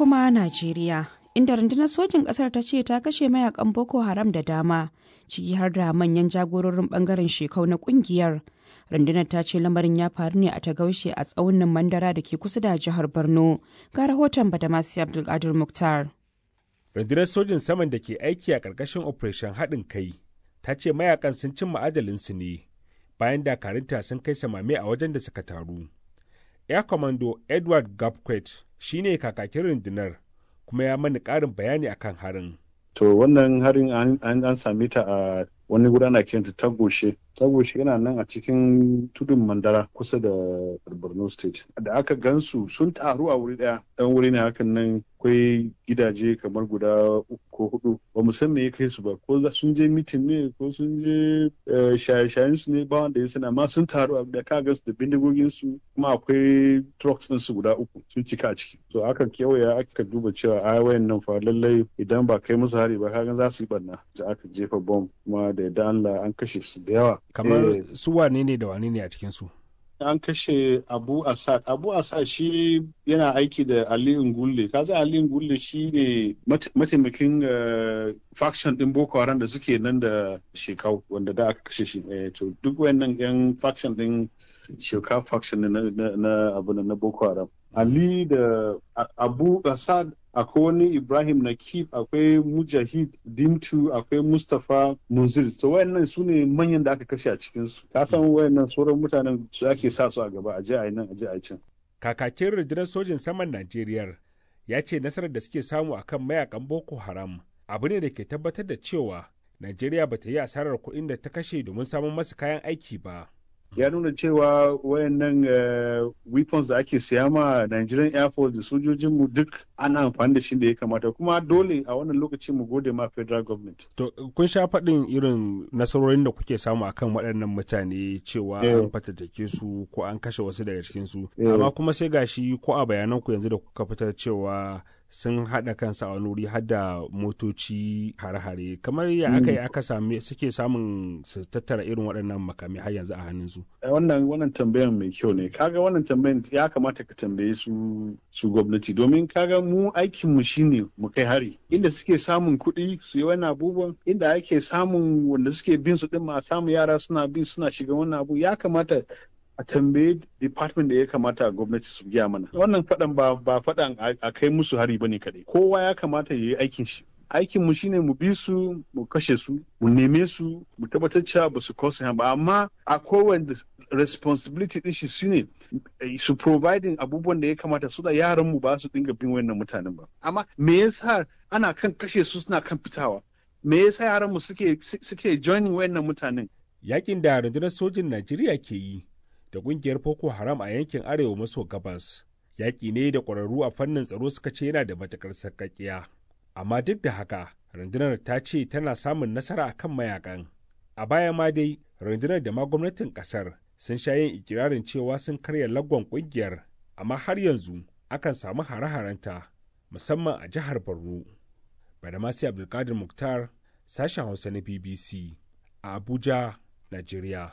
kuma Najeriya, inda rundunar sojin ƙasar ta ce ta kashe mayakan Boko Haram da dama, ciki har da manyan jagororin ɓangaren shekau na ƙungiyar. Rundunar ta ce lamarin ya faru ne a ta gaushe a tsaunin mandara da ke kusa da jihar Borno, ga rahoton Badamasi Abdulkadir Muktar. Rundunar sojin saman da ke aiki a ƙarƙashin Operation Haɗin Kai ta ce mayakan sun cimma su ne bayan dakarunta sun kai samame a wajen da suka taru. Air Commando Edward Gapquet Shi shine kakakin rundunar kuma ya mani ƙarin bayani akan harin. To wannan harin an same ta a wani gudana kenta ta goshe saboda yana nan a cikin tudun mandara kusa da borno state da aka gansu sun taru a wuri daya dan wuri ne hakan nan akwai gidaje kamar guda uku ko hudu ba mu san me ya kai su ba ko sun je mitin ne ko sun je eh, shaye-shayen su ne ba wanda ya sani amma sun taru a da kaga su da bindigogin su kuma akwai trucks din su guda uku sun cika a ciki to aka kewaya aka duba cewa a nan fa lallai idan ba kai musu hari ba kaga za su yi barna da aka jefa bom kuma da yadda Allah an kashe su da yawa kamar eh. su wane ne da wane ne a cikin su an kashe abu asad abu asad shi yana aiki da ali ngulle kaza ali ingulle shi ne mataimakin eh, faction din boko haram da suke nan da shekau wanda da aka kashe shi eh, to duk wayannan yan faction din shekau faction na abu na boko haram ali da abu asad akwai wani ibrahim nakib akwai mujahid dintu akwai mustapha munzir to wayannan su ne manyan da aka kashe a cikin su ka san wayannan sauran mutanen su ake sa su a gaba a je a nan a je a can kakakin rundunar sojin saman najeriya ya ce nasarar da suke samu akan mayakan boko haram abu ne da ke tabbatar da cewa najeriya ba ta yi asarar kuɗin da ta kashe domin samun masu kayan aiki ba ya nuna cewa wayannan eh, weapons da ake siya ma Nigerian Air Force da sojojin mu duk ana amfani da shi da ya kamata kuma dole a wannan lokaci mu gode ma federal government. To kun sha faɗin irin nasarorin da kuke samu akan waɗannan mutane cewa eh. an fatattake su ko an kashe wasu daga cikin su eh. amma kuma sai gashi ko a bayanan ku yanzu da kuka fitar cewa sun haɗa kansa a wani har da motoci hare-hare kamar ya hmm. aka yi aka same suke samun su tattara irin waɗannan makami har yanzu a hannunsu. Eh, wannan wannan tambayan mai kyau ne kaga wannan tambayan ya kamata ka tambaye su su gwamnati domin kaga mu aikin mu shine mu kai hari inda suke samun kuɗi su yi wani abubuwan inda ake samun wanda suke bin su ɗin ma samun yara suna bin suna shiga wani abu ya kamata a tambayi department da ya kamata gwamnati su gaya mana wannan faɗan ba ba faɗan a kai musu hari bane kaɗai kowa ya kamata ya yi aikin shi aikin mu shine mu bi su mu kashe su mu neme su mu tabbatar cewa ba su kosa ba amma a kowanne responsibility din shi shine eh, su providing abubuwan da ya kamata su da yaran mu ba su dinga bin wayannan mutanen ba amma me yasa ana kan kashe su suna kan fitawa me yasa yaran mu suke suke joining wayannan mutanen yakin da rundunar sojin Najeriya ke yi da kungiyar boko haram a yankin arewa maso gabas yaƙi ne da ƙwararru a fannin tsaro suka ce yana da matuƙar sarƙaƙiya amma duk da haka rundunar ta ce tana samun nasara a kan mayakan a baya ma dai rundunar da ma gwamnatin ƙasar sun sha yin ikirarin cewa sun karya lagwan ƙungiyar amma har yanzu akan samu hare-harenta musamman a jihar borno badamasi abdulkadir muktar sashen hausa na bbc a abuja najeriya